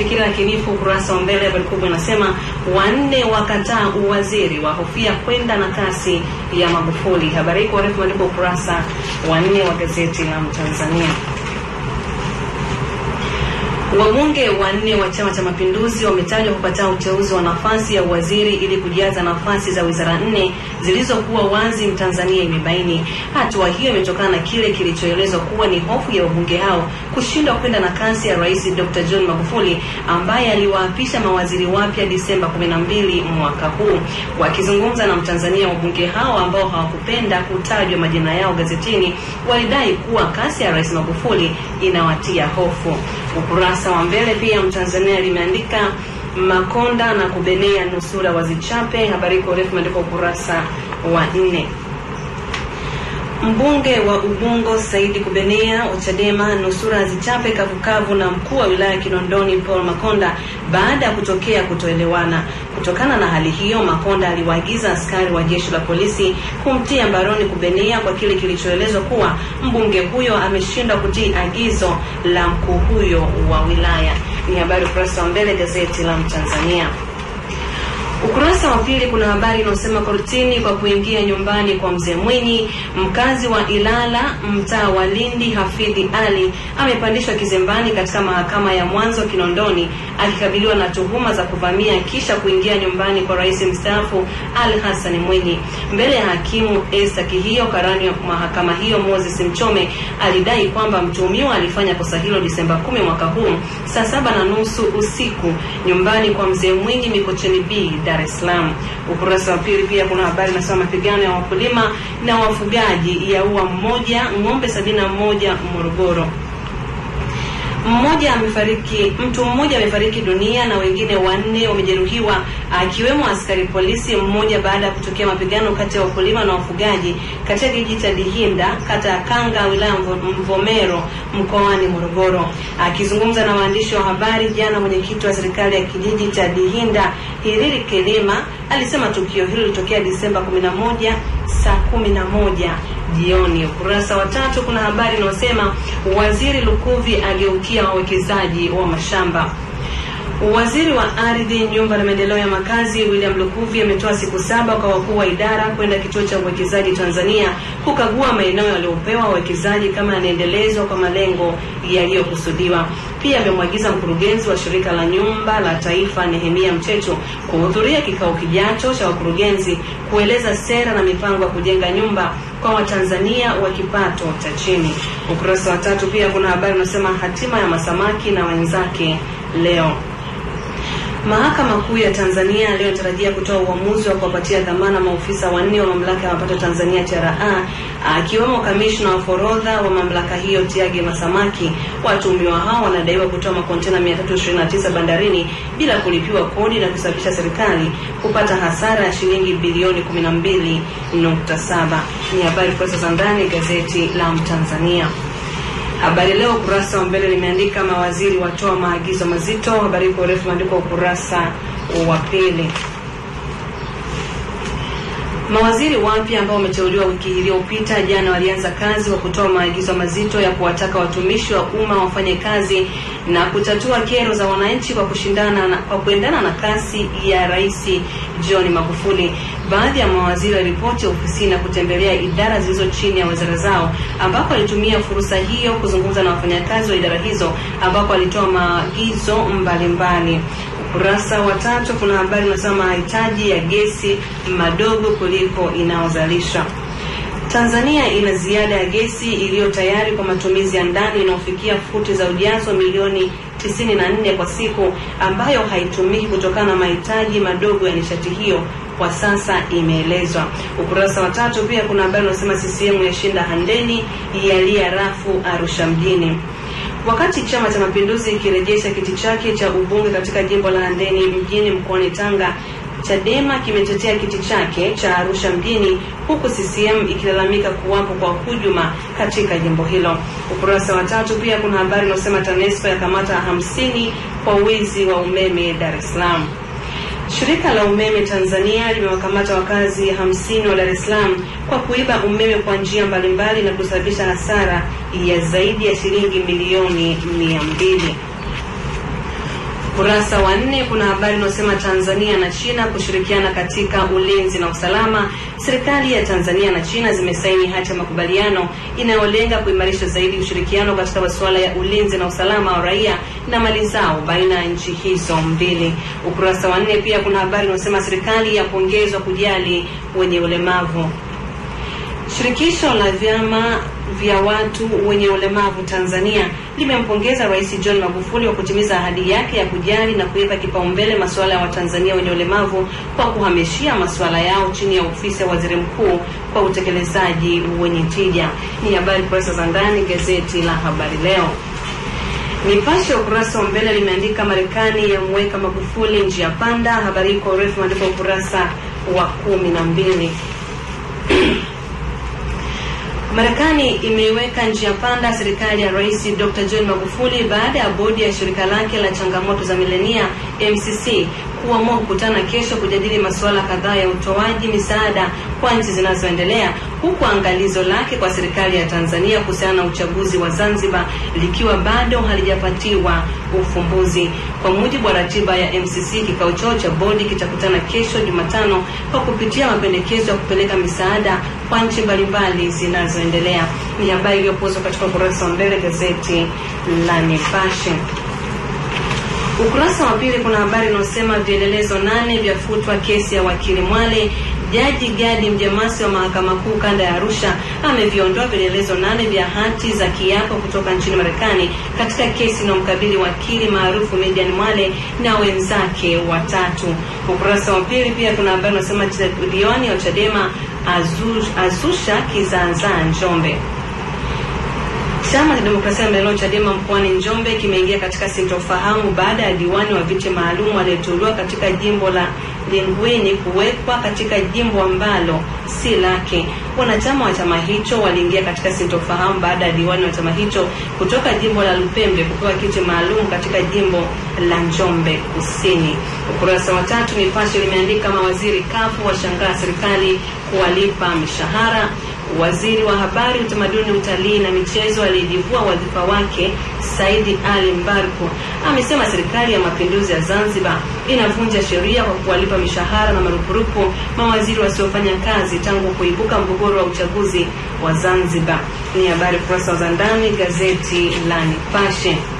Fikira Yakinifu ukurasa wa mbele habari kubwa inasema wanne wakataa uwaziri, wahofia kwenda na kasi ya Magufuli. Habari hii kwa urefu ukurasa wa nne wa gazeti la Mtanzania. Wabunge wanne wa Chama cha Mapinduzi wametajwa kupata uteuzi wa nafasi ya uwaziri ili kujaza nafasi za wizara nne zilizokuwa wazi, Mtanzania imebaini. Hatua hiyo imetokana na kile kilichoelezwa kuwa ni hofu ya wabunge hao kushindwa kwenda na kasi ya Rais Dr. John Magufuli ambaye aliwaapisha mawaziri wapya Disemba 12 mwaka huu. Wakizungumza na Mtanzania, wabunge hao ambao hawakupenda kutajwa majina yao gazetini walidai kuwa kasi ya Rais Magufuli inawatia hofu. Ukurasa ukurasa wa mbele pia Mtanzania limeandika Makonda na kubenea nusura wazichape, habari kwa urefu imeandikwa ukurasa wa nne. Mbunge wa Ubungo Saidi Kubenea wa Chadema nusura zichape kavukavu na mkuu wa wilaya Kinondoni Paul Makonda baada ya kutokea kutoelewana. Kutokana na hali hiyo, Makonda aliwaagiza askari wa jeshi la polisi kumtia mbaroni Kubenea kwa kile kilichoelezwa kuwa mbunge huyo ameshindwa kutii agizo la mkuu huyo wa wilaya. Ni habari ukurasa wa mbele gazeti la Mtanzania. Ukurasa wa pili kuna habari inayosema kortini kwa kuingia nyumbani kwa mzee Mwinyi. Mkazi wa Ilala, mtaa wa Lindi, Hafidhi Ali amepandishwa kizembani katika mahakama ya mwanzo Kinondoni akikabiliwa na tuhuma za kuvamia kisha kuingia nyumbani kwa rais mstaafu Ali Hassan Mwinyi. Mbele ya hakimu Esther Kihio, karani wa mahakama hiyo Moses Mchome alidai kwamba mtuhumiwa alifanya kosa hilo Disemba kumi mwaka huu saa saba na nusu usiku nyumbani kwa mzee Mwinyi Mikocheni B Dar es Salaam. Ukurasa wa pili pia kuna habari nasema mapigano ya wakulima na wafugaji yaua mmoja ng'ombe sabini na moja Morogoro mmoja amefariki, mtu mmoja amefariki dunia na wengine wanne wamejeruhiwa, akiwemo askari polisi mmoja baada ya kutokea mapigano kati ya wakulima na wafugaji katika kijiji cha Dihinda, kata ya Kanga, wilaya Mvomero, mkoani Morogoro. Akizungumza na waandishi wa habari jana, mwenyekiti wa serikali ya kijiji cha Dihinda Hiriri Kelima alisema tukio hilo lilitokea Disemba 11 saa 11 jioni. Ukurasa wa tatu kuna habari inayosema waziri Lukuvi ageukia wawekezaji wa mashamba. Waziri wa Ardhi, Nyumba na Maendeleo ya Makazi William Lukuvi ametoa siku saba kwa wakuu wa idara kwenda kituo cha uwekezaji Tanzania kukagua maeneo yaliyopewa wawekezaji kama yanaendelezwa kwa malengo yaliyokusudiwa. Pia amemwagiza mkurugenzi wa Shirika la Nyumba la Taifa Nehemia Mchecho kuhudhuria kikao kijacho cha wakurugenzi kueleza sera na mipango ya kujenga nyumba kwa Watanzania wa kipato cha chini. Ukurasa wa tatu pia kuna habari unasema hatima ya Masamaki na wenzake leo Mahakama Kuu ya Tanzania leo inatarajia kutoa uamuzi wa kuwapatia dhamana maofisa wanne wa mamlaka ya mapato Tanzania TRA, akiwemo kamishna wa forodha wa mamlaka hiyo Tiage Masamaki. Watuhumiwa hao wanadaiwa kutoa makontena 329 bandarini bila kulipiwa kodi na kusababisha serikali kupata hasara ya shilingi bilioni 12.7. Ni habari kwa sasa ndani, gazeti la Mtanzania. Habari Leo ukurasa wa mbele limeandika mawaziri watoa maagizo mazito. Habari kwa urefu imeandikwa ukurasa wa pili. Mawaziri wapya ambao wameteuliwa wiki iliyopita jana walianza kazi kwa kutoa maagizo mazito ya kuwataka watumishi wa umma wafanye kazi na kutatua kero za wananchi kwa kushindana na, kwa kuendana na kasi ya Rais John Magufuli baadhi ya mawaziri wa ripoti ofisini na kutembelea idara zilizo chini ya wizara zao, ambapo alitumia fursa hiyo kuzungumza na wafanyakazi wa idara hizo, ambapo alitoa maagizo mbalimbali. Ukurasa wa tatu kuna habari inasema mahitaji ya gesi madogo kuliko inayozalisha. Tanzania ina ziada ya gesi iliyo tayari kwa matumizi ya ndani inayofikia futi za ujazo milioni 94 kwa siku ambayo haitumiki kutokana na mahitaji madogo ya nishati hiyo kwa sasa imeelezwa. Ukurasa wa tatu pia kuna habari unasema CCM yashinda Handeni, yalia rafu Arusha mjini. Wakati Chama cha Mapinduzi ikirejesha kiti chake cha ubunge katika jimbo la Handeni mjini mkoani Tanga, Chadema kimetetea kiti chake cha Arusha mjini huku CCM ikilalamika kuwapo kwa hujuma katika jimbo hilo. Ukurasa wa tatu pia kuna habari inayosema TANESCO ya kamata hamsini kwa wizi wa umeme Dar es Salaam. Shirika la umeme Tanzania limewakamata wakazi hamsini wa Dar es Salaam kwa kuiba umeme kwa njia mbalimbali na kusababisha hasara ya zaidi ya shilingi milioni mia mbili. Ukurasa wa nne kuna habari inayosema Tanzania na China kushirikiana katika ulinzi na usalama. Serikali ya Tanzania na China zimesaini hati ya makubaliano inayolenga kuimarisha zaidi ushirikiano katika masuala ya ulinzi na usalama wa raia na mali zao baina ya nchi hizo mbili. Ukurasa wa nne pia kuna habari inayosema serikali yapongezwa kujali wenye ulemavu. Shirikisho la vyama vya watu wenye ulemavu Tanzania limempongeza Rais John Magufuli kwa kutimiza ahadi yake ya kujali na kuipa kipaumbele masuala ya Watanzania wenye ulemavu kwa kuhamishia masuala yao chini ya ofisi ya Waziri Mkuu kwa utekelezaji wenye tija. Ni habari kurasa za ndani gazeti la Habari Leo. Nipashe ukurasa wa mbele limeandika Marekani yamweka Magufuli njia panda. Habari hii kwa urefu maandiko ukurasa wa kumi na mbili. Marekani imeiweka njia panda serikali ya Rais Dr. John Magufuli baada ya bodi ya shirika lake la changamoto za milenia MCC kuamua kukutana kesho kujadili masuala kadhaa ya utoaji misaada kwa nchi zinazoendelea huku angalizo lake kwa serikali ya Tanzania kuhusiana na uchaguzi wa Zanzibar likiwa bado halijapatiwa ufumbuzi. Kwa mujibu wa ratiba ya MCC, kikao chao cha bodi kitakutana kesho Jumatano kwa kupitia mapendekezo ya kupeleka misaada kwa nchi mbalimbali zinazoendelea. Ni habari iliyopozwa katika ukurasa wa mbele gazeti la Nipashe. Ukurasa wa pili kuna habari inayosema vielelezo nane vyafutwa kesi ya wakili Mwale Jaji Gadi Mjemasi wa Mahakama Kuu Kanda ya Arusha ameviondoa vielelezo nane vya hati za kiapo kutoka nchini Marekani katika kesi inayomkabili wakili maarufu Median Mwale na wenzake watatu. Ukurasa wa pili pia kuna habari unasema diwani wa Chadema azusha kizaazaa Njombe. Chama cha Demokrasia na Maendeleo Chadema mkoani Njombe kimeingia katika sintofahamu baada ya diwani wa viti maalum aliyeteuliwa katika jimbo la Lingweni kuwekwa katika jimbo ambalo si lake. Wanachama wa chama hicho waliingia katika sintofahamu baada ya diwani wa chama hicho kutoka jimbo la Lupembe kupewa kiti maalum katika jimbo la Njombe Kusini. Ukurasa wa tatu Nipashe limeandika mawaziri kafu washangaa serikali kuwalipa mishahara Waziri wa Habari, Utamaduni, Utalii na Michezo aliyejivua wadhifa wake Saidi Ali Mbarku amesema Serikali ya Mapinduzi ya Zanzibar inavunja sheria kwa kuwalipa mishahara na marupurupu mawaziri wasiofanya kazi tangu kuibuka mgogoro wa uchaguzi wa Zanzibar. Ni habari kurasa za ndani gazeti la Nipashe.